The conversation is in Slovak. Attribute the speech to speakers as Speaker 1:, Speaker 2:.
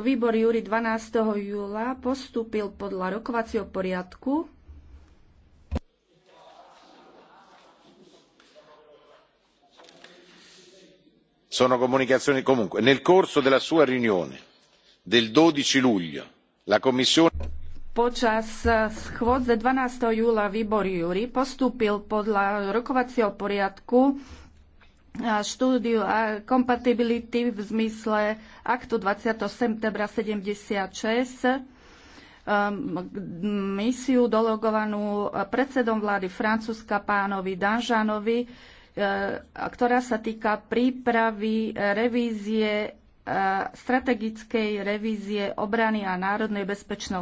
Speaker 1: výbor Júry 12. júla postúpil podľa rokovacieho poriadku
Speaker 2: sono comunicazioni comunque nel corso della sua riunione del 12 luglio la commissione
Speaker 1: Počas eh, schôdze 12. júla výbor Júri postúpil podľa rokovacieho poriadku štúdiu a kompatibility v zmysle aktu 20. septembra 76 ehm, misiu dologovanú predsedom vlády Francúzska pánovi Danžanovi, e, ktorá sa týka prípravy revízie e, strategickej revízie obrany a národnej bezpečnosti.